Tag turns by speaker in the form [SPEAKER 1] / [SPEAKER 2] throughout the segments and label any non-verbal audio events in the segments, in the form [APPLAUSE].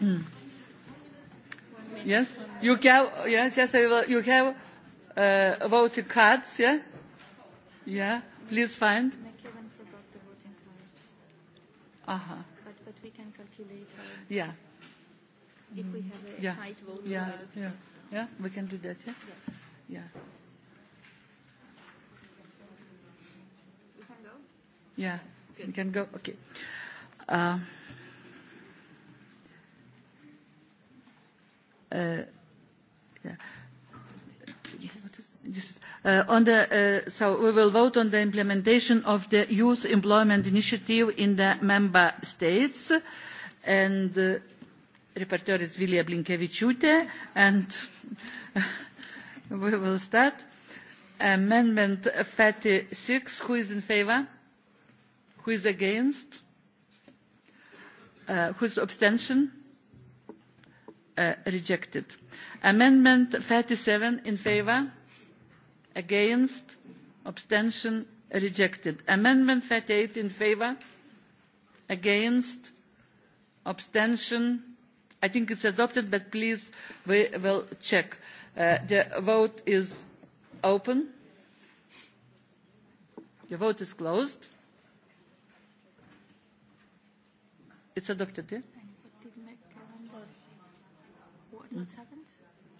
[SPEAKER 1] Mm. Yes, you have, yes, yes, you have uh, voting cards, yeah? Yeah, please find. McEwen forgot the voting card. Uh-huh. But, but we can calculate. Our, yeah. If we have a yeah. tight vote. Yeah, yeah. yeah, we can do that, yeah? Yes. Yeah. We can go? Yeah, Good. we can go, okay. Uh, Uh, yeah. Yes. Uh, on the, uh, so we will vote on the implementation of the Youth Employment Initiative in the member states. And uh, rapporteur is Vilija Blinkevičiūtė, and [LAUGHS] we will start. Amendment 36, who is in favor? Who is against? Uh, who's abstention? uh, rejected. Amendment 37 in favour, against, abstention, rejected. Amendment 38 in favour, against, abstention. I think it's adopted, but please we will check. Uh, the vote is open. The vote is closed. It's adopted, yeah? What, what's mm. happened?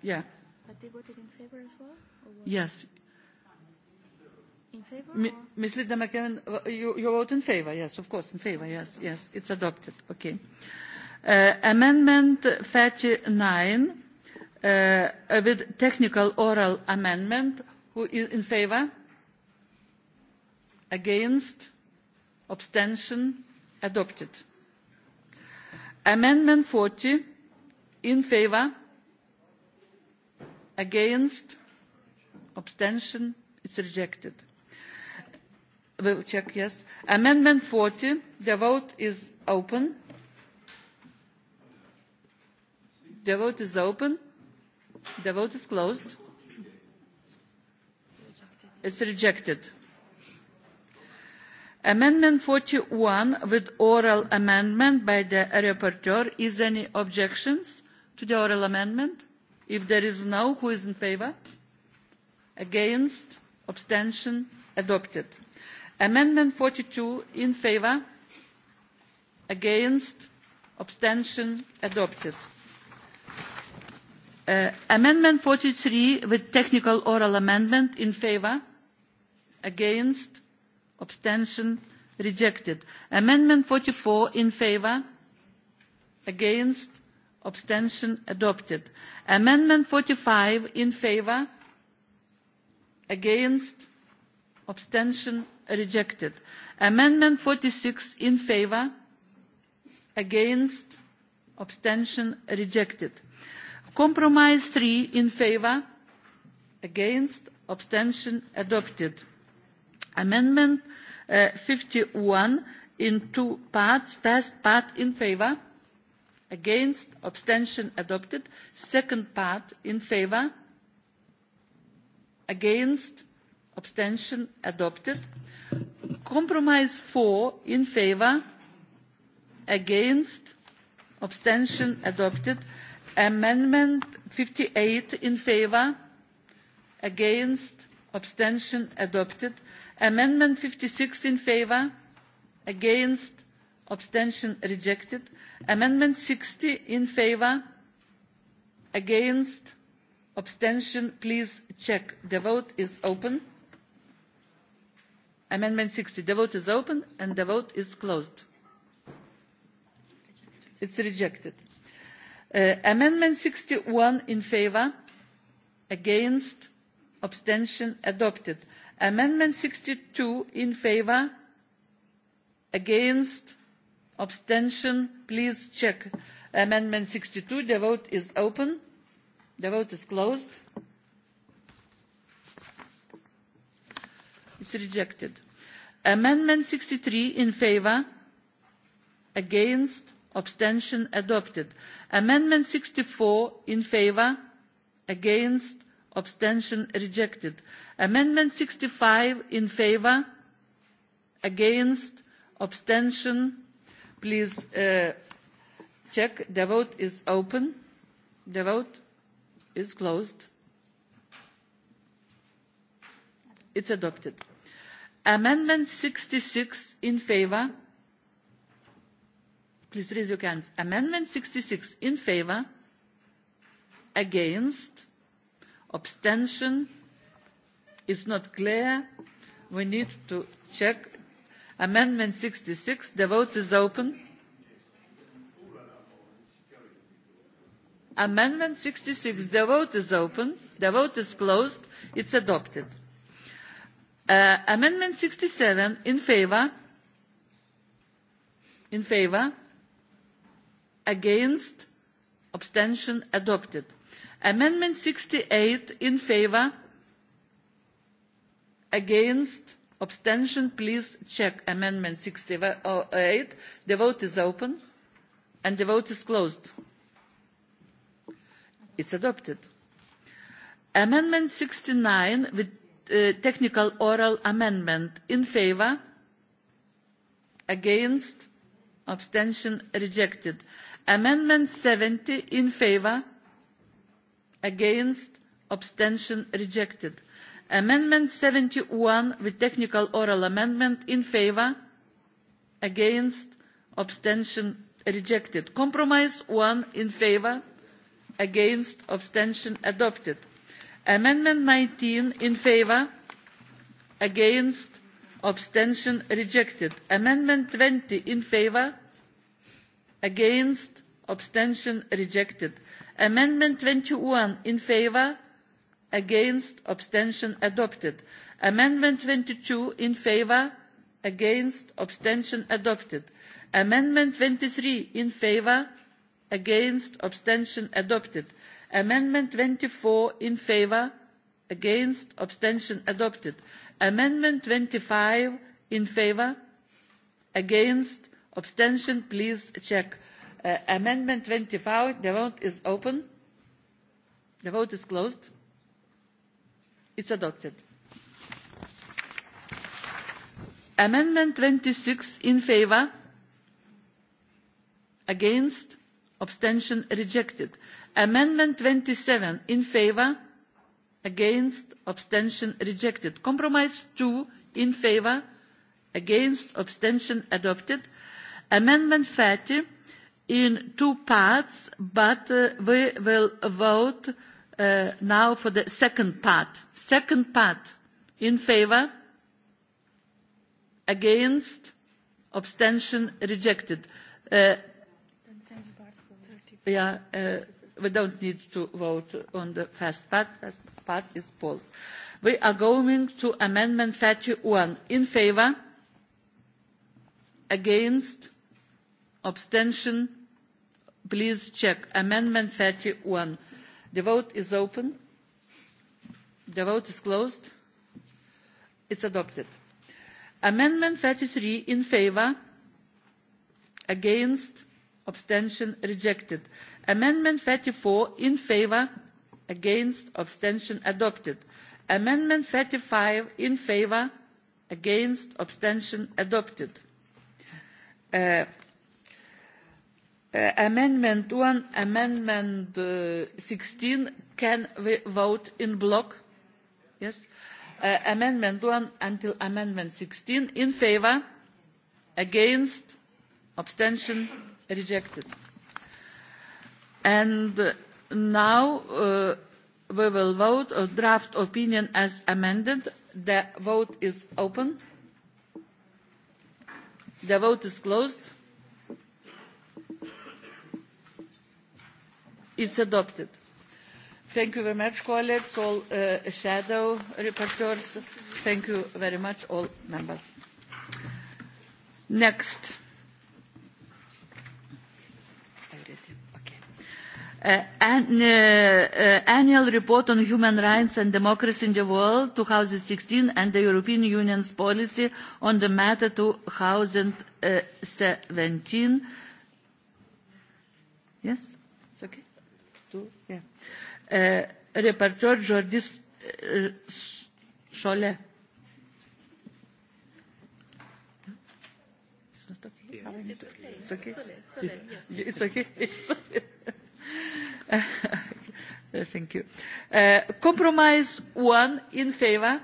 [SPEAKER 1] Yeah. But they voted in favor as well? Or what? Yes. In favor? M- or? Ms. Linda McKeown, uh, you, you vote in favor, yes, of course, in favor, yes, yes, it's adopted. Okay. Uh, amendment 39 uh, with technical oral amendment. Who is in favor? Against? Abstention? Adopted. Amendment 40 in favour against abstention it is rejected. we will check yes. amendment forty the vote is open. the vote is open. the vote is closed. it is rejected. amendment forty one with oral amendment by the rapporteur is there any objections? to the oral amendment? if there is no who is in favour? against abstention adopted. amendment forty two in favour against abstention adopted. Uh, amendment forty three with technical oral amendment in favour against abstention rejected. amendment forty four in favour against abstention adopted. amendment forty five in favour against abstention rejected. amendment forty six in favour against abstention rejected. compromise three in favour against abstention adopted. amendment fifty uh, one in two parts first part in favour against abstention adopted second part in favour against abstention adopted compromise four in favour against abstention adopted amendment fifty eight in favour against abstention adopted amendment fifty six in favour against abstention rejected amendment sixty in favour against abstention please check the vote is open amendment sixty the vote is open and the vote is closed it's rejected uh, amendment sixty one in favour against abstention adopted amendment sixty two in favour against abstention please check amendment sixty two the vote is open the vote is closed it's rejected amendment sixty three in favour against abstention adopted amendment sixty four in favour against abstention rejected amendment sixty five in favour against abstention please uh, check. The vote is open. The vote is closed. It's adopted. Amendment 66 in favor. Please raise your hands. Amendment 66 in favor. Against. Abstention. It's not clear. We need to check amendment sixty six the vote is open amendment sixty six the vote is open the vote is closed it's adopted uh, amendment sixty seven in favor in favor against abstention adopted amendment sixty eight in favor against abstention please check amendment sixty eight the vote is open and the vote is closed it's adopted amendment sixty nine with uh, technical oral amendment in favour against abstention rejected amendment seventy in favour against abstention rejected amendment seventy one with technical oral amendment in favour against abstention rejected compromise one in favour against abstention adopted amendment nineteen in favour against abstention rejected amendment twenty in favour against abstention rejected amendment twenty one in favour against abstention adopted amendment twenty two in favour against abstention adopted amendment twenty three in favour against abstention adopted amendment twenty four in favour against abstention adopted amendment twenty five in favour against abstention please check uh, amendment twenty five the vote is open the vote is closed It's adopted. Amendment 26 in favor, against, abstention rejected. Amendment 27 in favor, against, abstention rejected. Compromise 2 in favor, against, abstention adopted. Amendment 30 in two parts, but uh, we will vote uh, uh, now for the second part. Second part, in favor, against, abstention, rejected. Uh, yeah, uh, we don't need to vote on the first part. First part is paused. We are going to Amendment 31. In favor? Against? Abstention? Please check. Amendment 31. Uh, the vote is open the vote is closed it is adopted. amendment thirty three in favour against abstention rejected. amendment thirty four in favour against abstention adopted. amendment thirty five in favour against abstention adopted. Uh, Uh, amendment one amendment uh, sixteen can we vote in block? yes. Uh, amendment one until amendment sixteen in favour against abstention rejected. and now uh, we will vote on draft opinion as amended. the vote is open. the vote is closed. is adopted. Thank you very much, colleagues, all uh, shadow reporters. Thank you very much, all members. Next. Uh, an, uh, uh, annual report on human rights and democracy in the world 2016 and the European Union's policy on the matter 2017. Yes? It's okay two. Yeah. Uh, Reporter Jordi uh, e, Solé. It's not okay. Yeah, it's, okay. it's okay. Solé, Solé, yes. It's okay. It's okay. Thank you. Uh, compromise one in favour,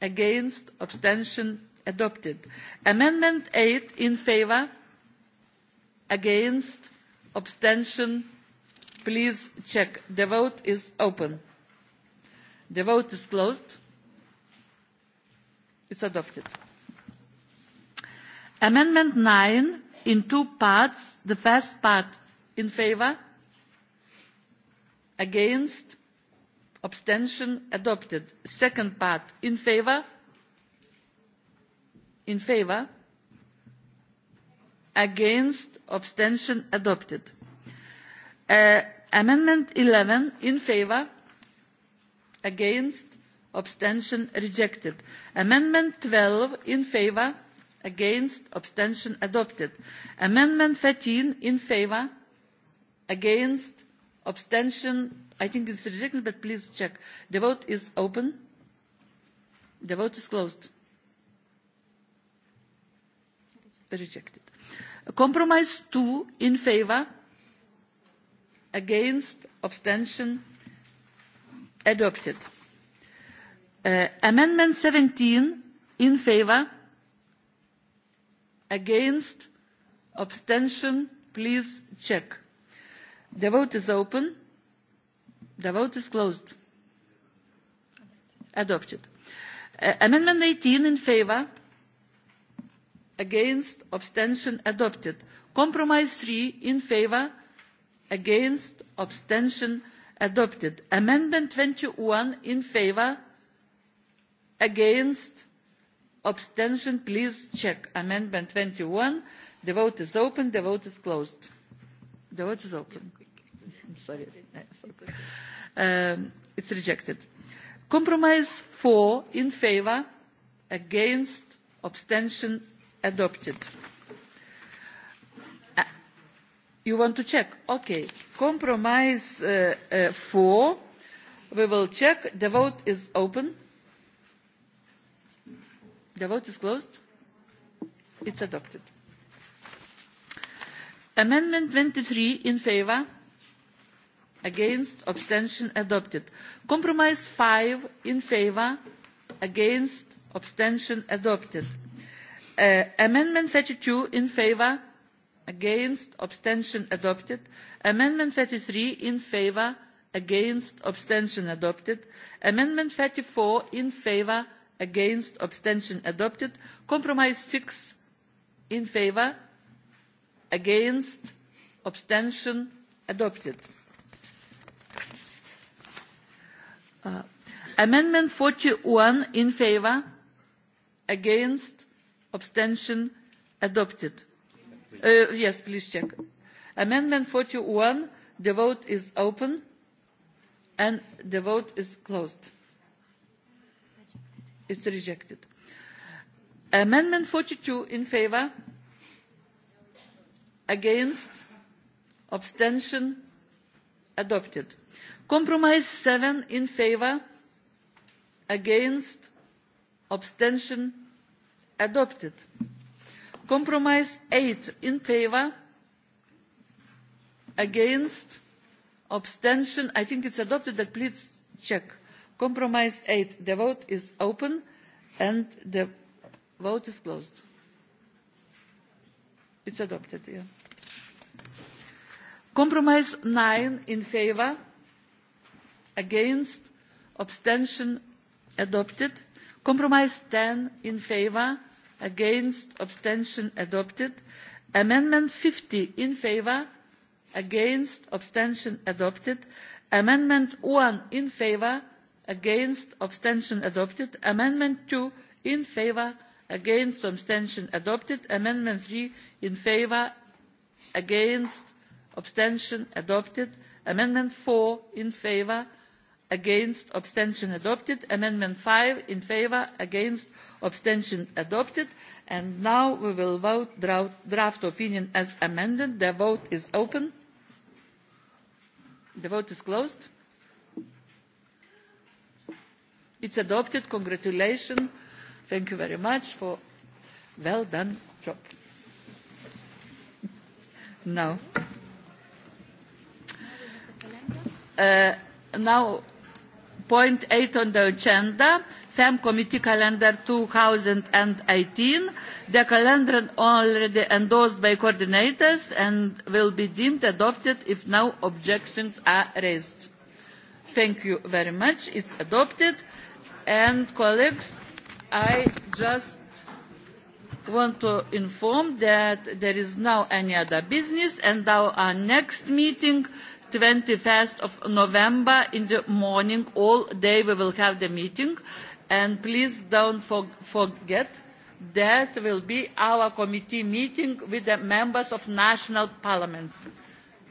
[SPEAKER 1] against, abstention adopted. Amendment eight in favour, against, abstention please check. The vote is open. The vote is closed. It's adopted. Amendment 9 in two parts. The first part in favour, against, abstention adopted. Second part in favour, in favour, against, abstention adopted. Uh, amendment eleven in favour against abstention rejected. amendment twelve in favour against abstention adopted. amendment thirteen in favour against abstention i think it is rejected but please check. the vote is open. the vote is closed. rejected. compromise two in favour against abstention adopted uh, amendment 17 in favor against abstention please check the vote is open the vote is closed adopted uh, amendment 18 in favor against abstention adopted compromise 3 in favor against abstention adopted amendment twenty one in favour against abstention please check amendment twenty one the vote is open the vote is closed the vote is open I'm sorry um, it's rejected compromise four in favour against abstention adopted you want to check okay compromise uh, uh, four we will check the vote is open the vote is closed it is adopted amendment twenty three in favour against abstention adopted compromise five in favour against abstention adopted uh, amendment thirty two in favour against abstention adopted amendment thirty three in favour against abstention adopted amendment thirty four in favour against abstention adopted compromise six in favour against abstention adopted uh, amendment forty one in favour against abstention adopted uh, yes please check amendment forty one the vote is open and the vote is closed it's rejected amendment forty two in favour against abstention adopted compromise seven in favour against abstention adopted compromise eight in favour against abstention i think it is adopted but please check compromise eight the vote is open and the vote is closed it is adopted yeah. compromise nine in favour against abstention adopted compromise ten in favour against abstention adopted amendment fifty in favour against abstention adopted amendment one in favour against abstention adopted amendment two in favour against abstention adopted amendment three in favour against abstention adopted amendment four in favour against abstention adopted amendment five in favour against abstention adopted and now we will vote draft opinion as amended the vote is open the vote is closed it's adopted congratulations thank you very much for well done job [LAUGHS] now uh, now Point 8 on the agenda, FEM Committee Calendar 2018. The calendar already endorsed by coordinators and will be deemed adopted if no objections are raised. Thank you very much. It's adopted. And colleagues, I just want to inform that there is now any other business and our next meeting 21st of November in the morning, all day we will have the meeting. And please don't for, forget that will be our committee meeting with the members of national parliaments.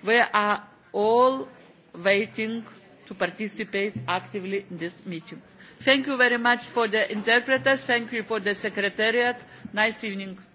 [SPEAKER 1] We are all waiting to participate actively in this meeting. Thank you very much for the interpreters. Thank you for the secretariat. Nice evening.